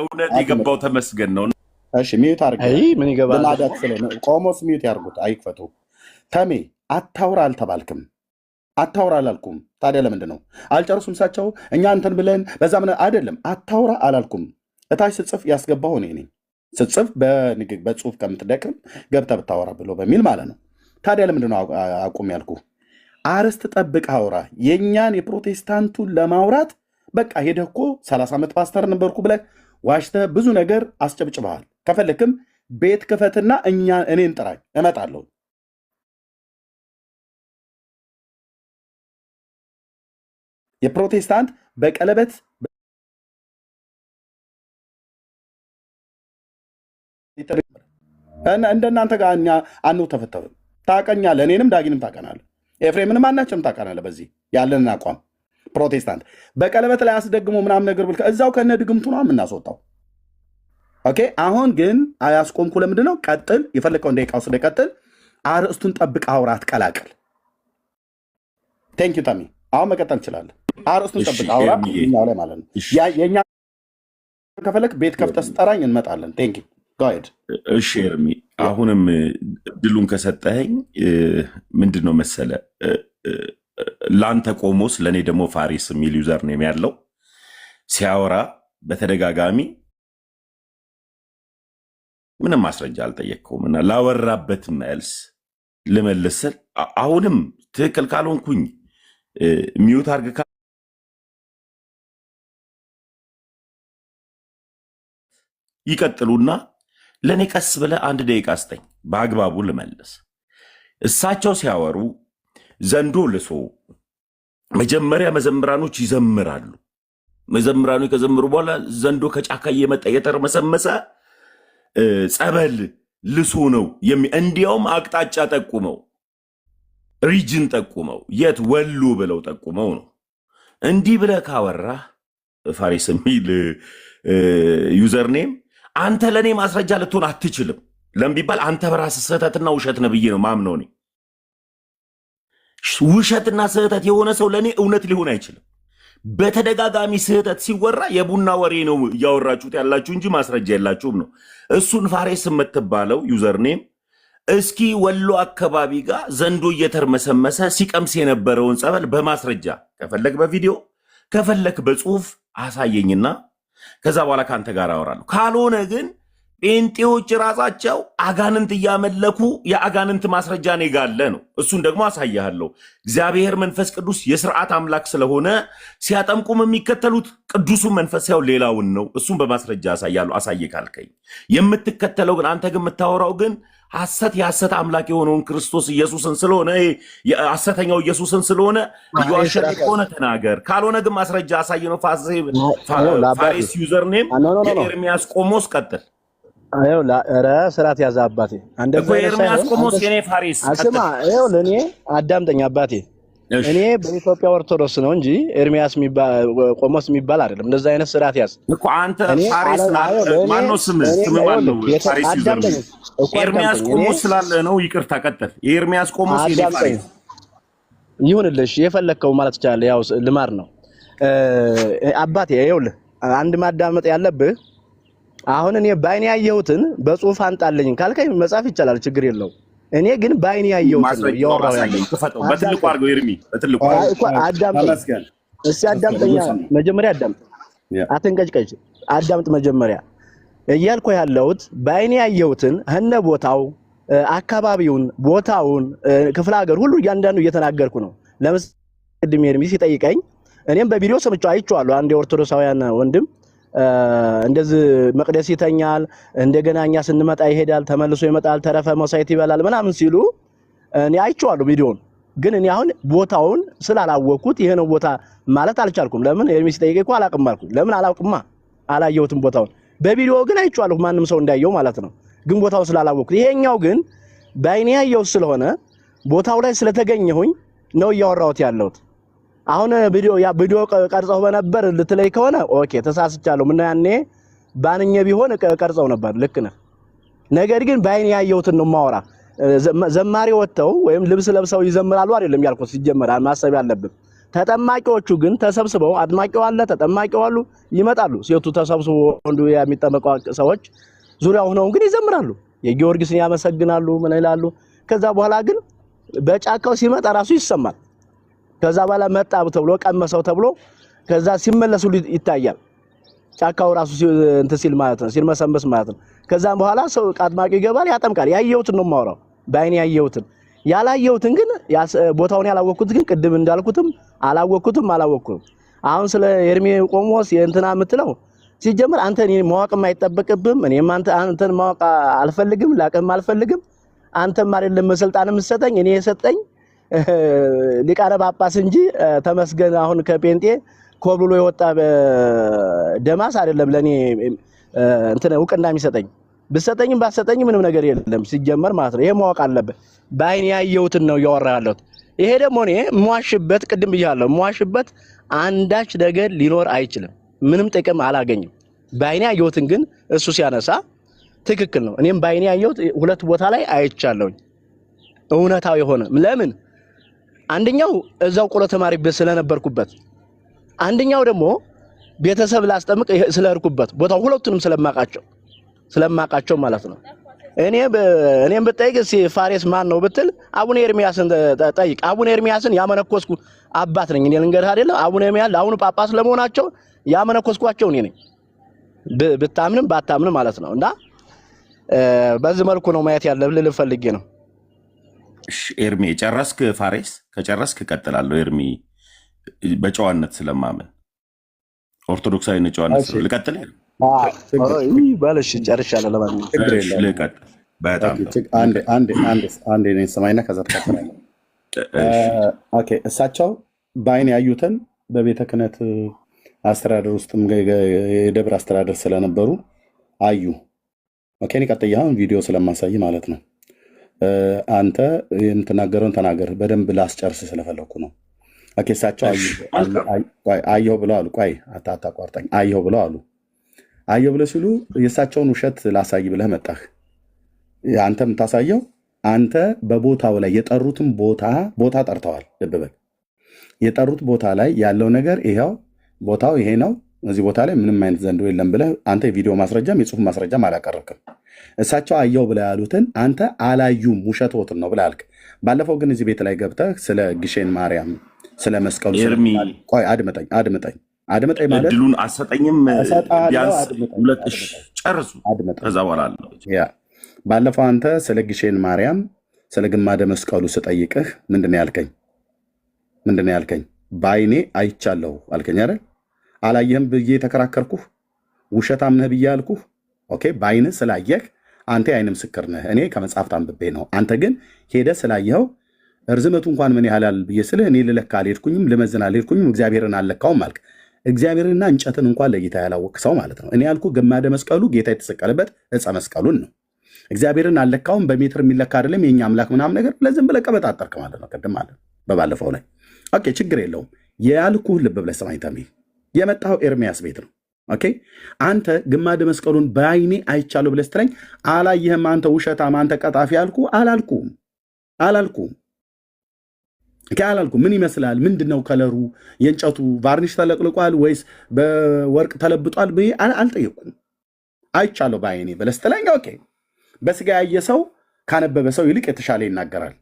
እውነት የገባው ተመስገን ነው። እሺ ሚዩት አርገምን ይገባልናዳት ስለ ቆሞስ ሚዩት ያርጉት አይክፈቱ። ተሜ አታውራ አልተባልክም፣ አታውራ አላልኩም። ታዲያ ለምንድን ነው አልጨርሱም? ሳቸው እኛ እንትን ብለን በዛ ምን አይደለም። አታውራ አላልኩም። እታች ስጽፍ ያስገባው እኔ ነኝ። ስጽፍ በጽሁፍ ከምትደቅም ገብተህ ብታወራ ብሎ በሚል ማለት ነው። ታዲያ ለምንድን ነው አቁም ያልኩ? አርስት ጠብቅ አውራ። የእኛን የፕሮቴስታንቱን ለማውራት በቃ ሄደህ እኮ ሰላሳ ዓመት ፓስተር ነበርኩ ብለህ ዋሽተህ ብዙ ነገር አስጨብጭበሃል። ከፈለክም ቤት ክፈትና እኛ እኔን ጥራኝ እመጣለሁ። የፕሮቴስታንት በቀለበት እንደናንተ ጋር እኛ አነው ተፈተፍም ታቀኛለህ። እኔንም ዳጊንም ታቀናለህ። ኤፍሬምንም አናቸውም ታቀናለህ። በዚህ ያለንን አቋም ፕሮቴስታንት በቀለበት ላይ አስደግሞ ምናምን ነገር ብል እዛው ከነ ድግምቱ ነው የምናስወጣው። ኦኬ አሁን ግን አያስቆምኩ ለምንድን ነው? ቀጥል፣ የፈለግከውን ደቂቃ ውስደ ቀጥል። አርዕስቱን ጠብቅ፣ አውራት ቀላቀል። ቴንክ ታሚ። አሁን መቀጠል እንችላለን። አርዕስቱን ጠብቅ፣ አውራት እኛው ላይ ማለት ነው። የእኛ ከፈለግ ቤት ከፍተህ ስጠራኝ እንመጣለን። ቴንክ እሺ ኤርሚ፣ አሁንም ድሉን ከሰጠኸኝ ምንድን ነው መሰለ ለአንተ ቆሞስ ለእኔ ደግሞ ፋሪስ የሚል ዩዘር ኔም ያለው ሲያወራ በተደጋጋሚ ምንም ማስረጃ አልጠየቅከውም እና ላወራበት መልስ ልመልስል አሁንም ትክክል ካልሆንኩኝ ሚዩት አርግ ይቀጥሉና ለእኔ ቀስ ብለህ አንድ ደቂቃ ስጠኝ፣ በአግባቡ ልመልስ። እሳቸው ሲያወሩ ዘንዶ ልሶ መጀመሪያ መዘምራኖች ይዘምራሉ። መዘምራኖች ከዘምሩ በኋላ ዘንዶ ከጫካ እየመጣ የተርመሰመሰ ጸበል ልሶ ነው። እንዲያውም አቅጣጫ ጠቁመው ሪጅን ጠቁመው የት ወሎ ብለው ጠቁመው ነው። እንዲህ ብለህ ካወራ ፋሪስ የሚል ዩዘርኔም አንተ ለእኔ ማስረጃ ልትሆን አትችልም። ለምን ቢባል አንተ በራስህ ስህተትና ውሸት ነው ብዬ ነው ማምነው እኔ ውሸትና ስህተት የሆነ ሰው ለእኔ እውነት ሊሆን አይችልም። በተደጋጋሚ ስህተት ሲወራ የቡና ወሬ ነው እያወራችሁት ያላችሁ እንጂ ማስረጃ የላችሁም ነው። እሱን ፋሬስ የምትባለው ዩዘርኔም እስኪ ወሎ አካባቢ ጋር ዘንዶ እየተርመሰመሰ ሲቀምስ የነበረውን ጸበል በማስረጃ ከፈለክ በቪዲዮ ከፈለክ በጽሁፍ አሳየኝና ከዛ በኋላ ከአንተ ጋር አወራለሁ። ካልሆነ ግን ጴንጤዎች ራሳቸው አጋንንት እያመለኩ የአጋንንት ማስረጃ እኔ ጋ አለ ነው። እሱን ደግሞ አሳያለሁ። እግዚአብሔር መንፈስ ቅዱስ የስርዓት አምላክ ስለሆነ ሲያጠምቁም የሚከተሉት ቅዱሱን መንፈስ ያው ሌላውን ነው። እሱን በማስረጃ አሳያለሁ። አሳይ ካልከኝ የምትከተለው ግን አንተ ግን የምታወራው ግን ሐሰት የሐሰት አምላክ የሆነውን ክርስቶስ ኢየሱስን ስለሆነ ሐሰተኛው ኢየሱስን ስለሆነ እየዋሸን ከሆነ ተናገር፣ ካልሆነ ግን ማስረጃ አሳይ ነው። ፋሬስ ዩዘርኔም የኤርሚያስ ቆሞስ ቀጥል አዩ ኧረ ስርዓት ያዘ አባቴ። አንደዛ ኤርሚያስ ቆሞስ የኔ ፋሪስ አስማ አዩ ለኔ አዳምጠኝ አባቴ። እኔ በኢትዮጵያ ኦርቶዶክስ ነው እንጂ ኤርሚያስ የሚባል ቆሞስ የሚባል አይደለም። እንደዛ አይነት ስርዓት ያዝ እኮ አንተ ፋሪስ ማነው? ስም ስም ማነው? ፋሪስ ይዘር ኤርሚያስ ቆሞስ ስላለ ነው። ይቅርታ ቀጠል። የኤርሚያስ ቆሞስ የኔ ፋሪስ ይሁንልሽ፣ የፈለከው ማለት ይቻላል። ያው ልማድ ነው አባቴ። ይኸውልህ አንድ ማዳመጥ ያለብህ አሁን እኔ ባይኔ ያየሁትን በጽሁፍ አንጣልኝ ካልከኝ መጻፍ ይቻላል፣ ችግር የለው። እኔ ግን ባይኔ ያየሁትን ነው እያወራሁ ያለኝ። በትልቁ አድርገው ይርሚ፣ በትልቁ አዳምጠኝ። እሺ አዳምጠኛ፣ መጀመሪያ አዳምጥ፣ አትንቀጭቀጭ፣ አዳምጥ መጀመሪያ። እያልኩ ያለሁት ባይኔ ያየሁትን እነ ቦታው አካባቢውን፣ ቦታውን፣ ክፍለ ሀገር ሁሉ እያንዳንዱ እየተናገርኩ ነው። ለምሳሌ ቅድም ኤርሚ ሲጠይቀኝ እኔም በቪዲዮ ሰምቼው አይቼዋለሁ። አንድ የኦርቶዶክሳውያን ወንድም እንደዚህ መቅደስ ይተኛል፣ እንደገና እኛ ስንመጣ ይሄዳል፣ ተመልሶ ይመጣል፣ ተረፈ መሳይት ይበላል ምናምን ሲሉ እኔ አይቼዋለሁ ቪዲዮን። ግን እኔ አሁን ቦታውን ስላላወቅኩት ይሄ ነው ቦታ ማለት አልቻልኩም። ለምን ኤርሚስ ጠይቄ እኮ አላቅም አልኩኝ። ለምን አላውቅማ፣ አላየሁትም ቦታውን። በቪዲዮ ግን አይቼዋለሁ፣ ማንም ሰው እንዳየው ማለት ነው። ግን ቦታውን ስላላወቅኩት፣ ይሄኛው ግን በአይኔ ያየሁት ስለሆነ ቦታው ላይ ስለተገኘሁኝ ነው እያወራሁት ያለሁት። አሁን ቪዲዮ ያ ቪዲዮ ቀርጸው በነበር ልትለይ ከሆነ ኦኬ ተሳስቻለሁ። ምን ያኔ ባንኘ ቢሆን ቀርጸው ነበር፣ ልክ ነህ። ነገር ግን ባይን ያየሁትን ነው ማወራ። ዘማሪ ወጥተው ወይም ልብስ ለብሰው ይዘምራሉ አይደለም ያልኩት። ሲጀመር ማሰብ ያለብን ተጠማቂዎቹ ግን ተሰብስበው አድማቂው አለ ተጠማቂው አሉ ይመጣሉ። ሴቱ ተሰብስቦ ወንዱ የሚጠመቁ ሰዎች ዙሪያው ሆነው ግን ይዘምራሉ፣ የጊዮርጊስን ያመሰግናሉ፣ ምን ይላሉ። ከዛ በኋላ ግን በጫካው ሲመጣ ራሱ ይሰማል። ከዛ በኋላ መጣ ተብሎ ቀመሰው ተብሎ ከዛ ሲመለሱ ይታያል። ጫካው ራሱ እንትን ሲል ማለት ነው ሲልመሰመስ ማለት ነው። ከዛም በኋላ ሰው አጥማቂ ይገባል፣ ያጠምቃል። ያየሁትን ነው የማወራው፣ በአይኔ ያየሁትን። ያላየሁትን ግን ቦታውን ያላወቅኩት ግን ቅድም እንዳልኩትም አላወቅኩትም አላወቅኩም። አሁን ስለ ኤርሜ ቆሞስ የእንትና የምትለው ሲጀምር አንተ እኔ ማወቅም አይጠበቅብም። እኔም አንተ አንተን ማወቅ አልፈልግም፣ ላቅም አልፈልግም። አንተም አይደለም ስልጣን የምትሰጠኝ እኔ የሰጠኝ ሊቃነ ጳጳስ እንጂ ተመስገን አሁን ከጴንጤ ኮብልሎ የወጣ ደማስ አይደለም ለኔ እንትን እውቅና የሚሰጠኝ ብሰጠኝም ባሰጠኝ ምንም ነገር የለም ሲጀመር ማለት ነው። ይሄ ማወቅ አለበት። በአይን ያየሁትን ነው እያወራ ያለሁት። ይሄ ደግሞ እኔ ሟሽበት ቅድም ብያለሁ፣ ሟሽበት አንዳች ነገር ሊኖር አይችልም። ምንም ጥቅም አላገኝም። በአይን ያየሁትን ግን እሱ ሲያነሳ ትክክል ነው። እኔም በአይን ያየሁት ሁለት ቦታ ላይ አይቻለሁኝ እውነታው የሆነ ለምን አንደኛው እዛው ቆሎ ቤት ስለነበርኩበት፣ አንደኛው ደግሞ ቤተሰብ ላስጠምቅ ስለርኩበት ቦታ ሁለቱንም ስለማቃቸው ስለማቃቸው ማለት ነው። እኔ እኔም ብጠይቅ እስኪ ፋሬስ ማን ነው ብትል አቡነ ኤርሚያስን ጠይቅ። አቡነ ኤርሚያስን ያመነኮስኩ አባት ነኝ እኔ ልንገርህ አይደለም። አቡነ ኤርሚያስ ለአሁኑ ጳጳስ ለመሆናቸው ያመነኮስኳቸው እኔ ነኝ፣ ብታምንም ባታምንም ማለት ነው። እና በዚህ መልኩ ነው ማየት ያለብህ ነው። ኤርሜ ጨረስክ? ፋሬስ ከጨረስክ እቀጥላለሁ። ኤርሚ በጨዋነት ስለማመን ኦርቶዶክሳዊ ጨዋነት ልቀጥል እሳቸው በአይን ያዩትን በቤተ አስተዳደር ውስጥ የደብር አስተዳደር ስለነበሩ አዩ። ኦኬ። ቪዲዮ ስለማሳይ ማለት ነው አንተ የምትናገረውን ተናገር፣ በደንብ ላስጨርስ ስለፈለኩ ነው። እሳቸው አየሁ ብለው አሉ። ቆይ አታቋርጠኝ። አየሁ ብለው አሉ። አየሁ ብለው ሲሉ የእሳቸውን ውሸት ላሳይ ብለህ መጣህ። አንተ የምታሳየው አንተ በቦታው ላይ የጠሩትን ቦታ ቦታ ጠርተዋል። ልብ በል። የጠሩት ቦታ ላይ ያለው ነገር ይኸው ቦታው ይሄ ነው እዚህ ቦታ ላይ ምንም አይነት ዘንዶ የለም ብለህ አንተ የቪዲዮ ማስረጃም የጽሁፍ ማስረጃም አላቀረብክም። እሳቸው አየው ብለህ ያሉትን አንተ አላዩም ውሸት ወትን ነው ብለህ አልክ። ባለፈው ግን እዚህ ቤት ላይ ገብተህ ስለ ግሼን ማርያም ስለ መስቀሉ ቆይ አድምጠኝ አድምጠኝ አድምጠኝ ማለት እድሉን አሰጠኝም ቢያንስ ሁለት ጨርሱ። ከዛ በኋላ ባለፈው አንተ ስለ ግሼን ማርያም ስለ ግማደ መስቀሉ ስጠይቅህ ምንድን ያልከኝ? ምንድን ያልከኝ? በአይኔ አይቻለሁ አልከኝ አይደል? አላየህም ብዬ ተከራከርኩህ? ውሸታም ነህ ብዬ አልኩህ? ኦኬ በአይንህ ስላየህ አንተ የአይን ምስክር ነህ፣ እኔ ከመጽሐፍት አንብቤ ነው። አንተ ግን ሄደህ ስላየኸው እርዝመቱ እንኳን ምን ያህላል ብዬ ስልህ እኔ ልለካ አልሄድኩኝም፣ ልመዝን አልሄድኩኝም፣ እግዚአብሔርን አልለካውም አልክ። እግዚአብሔርና እንጨትን እንኳን ለጌታ ያላወቅ ሰው ማለት ነው። እኔ ያልኩ ግማደ መስቀሉ ጌታ የተሰቀለበት እፀ መስቀሉን ነው። እግዚአብሔርን አልለካውም። በሜትር የሚለካ አይደለም የኛ አምላክ ምናምን ነገር ለዝም ብለህ ቀበጣጠርክ ማለት ነው። ቅድም አለ በባለፈው ላይ ኦኬ፣ ችግር የለውም። የያልኩህ ልብ ብለህ ሰማኝ ተሜ የመጣው ኤርሚያስ ቤት ነው። ኦኬ አንተ ግማደ መስቀሉን በአይኔ አይቻለሁ ብለህ ስትለኝ አላየህም። አንተ ውሸታም፣ አንተ ቀጣፊ አልኩ አላልኩም? አላልኩም አላልኩም። ምን ይመስላል? ምንድን ነው ከለሩ? የእንጨቱ ቫርኒሽ ተለቅልቋል ወይስ በወርቅ ተለብጧል ብዬ አልጠየኩም። አይቻለሁ በአይኔ ብለህ ስትለኝ ኦኬ፣ በስጋ ያየ ሰው ካነበበ ሰው ይልቅ የተሻለ ይናገራል።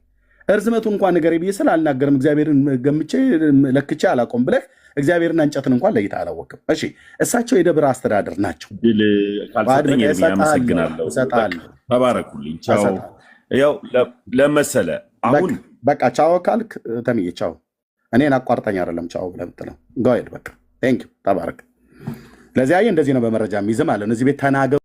እርዝመቱ እንኳን ነገር ብዬ ስል አልናገርም፣ እግዚአብሔርን ገምቼ ለክቼ አላቆም ብለህ እግዚአብሔርና እንጨትን እንኳን ለይተህ አላወቅም። እሺ እሳቸው የደብረ አስተዳደር ናቸው። ተባረኩልኝ። ያው ለመሰለ አሁን በቃ ቻው ካልክ ተምዬ ቻው። እኔን አቋርጠኝ አይደለም ቻው ብለህ የምትለው ጋሄድ በቃ ቴንኪው ተባረክ። ለዚያ እንደዚህ ነው በመረጃ የሚይዝ ማለት እዚህ ቤት ተናገሩ።